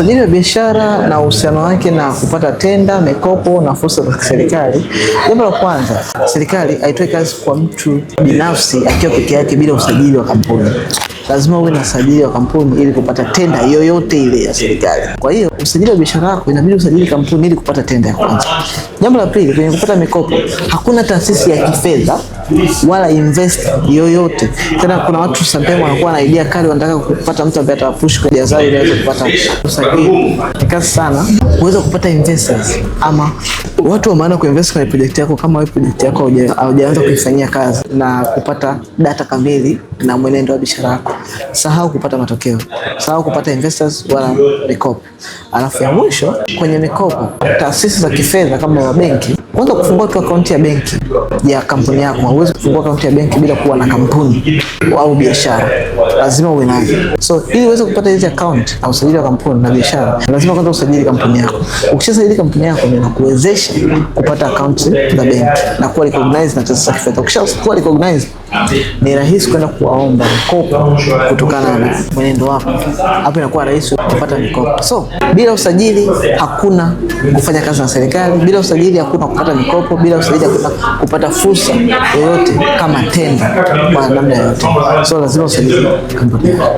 Usajili wa biashara na uhusiano wake na kupata tenda, mikopo na fursa za serikali. Jambo la kwanza, serikali haitoi kazi kwa mtu binafsi akiwa peke yake bila usajili wa kampuni. Lazima uwe na usajili wa kampuni ili kupata tenda yoyote ile ya serikali. Kwa hiyo usajili wa biashara yako inabidi usajili kampuni ili kupata tenda ya kwanza. Jambo la pili, kwenye kupata mikopo, hakuna taasisi ya kifedha wala invest yoyote tena. Kuna watu sometimes wanakuwa na idea kali, wanataka kupata mtu ambaye atawapush kwa jaza ili aweze kupata usajili. Ni kazi sana kuweza kupata investors ama watu wa maana kuinvest kwenye project yako, kama wewe project yako haujaanza kuifanyia kazi na kupata data kamili na mwenendo wa biashara yako, sahau kupata matokeo, sahau kupata investors wala mikopo. Alafu ya mwisho kwenye mikopo, taasisi za kifedha kama mabenki kwanza kufungua tu akaunti ya benki ya kampuni yako, huwezi kufungua akaunti ya benki bila kuwa na kampuni au biashara, lazima uwe nayo. So ili uweze kupata hizi account au usajili wa kampuni na biashara, lazima kwanza usajili kampuni yako. Ukishasajili kampuni yako, ndio inakuwezesha kupata account za benki na kuwa recognized na taasisi za kifedha. Ukishakuwa recognized, ni rahisi kwenda kuwaomba mkopo kutokana na mwenendo wako, hapo inakuwa rahisi kupata mikopo. So bila usajili hakuna kufanya kazi na serikali, bila usajili hakuna kupata kupata mikopo bila kusaidia kupata fursa yoyote kama tenda kwa namna yoyote, so lazima usaidie kampuni.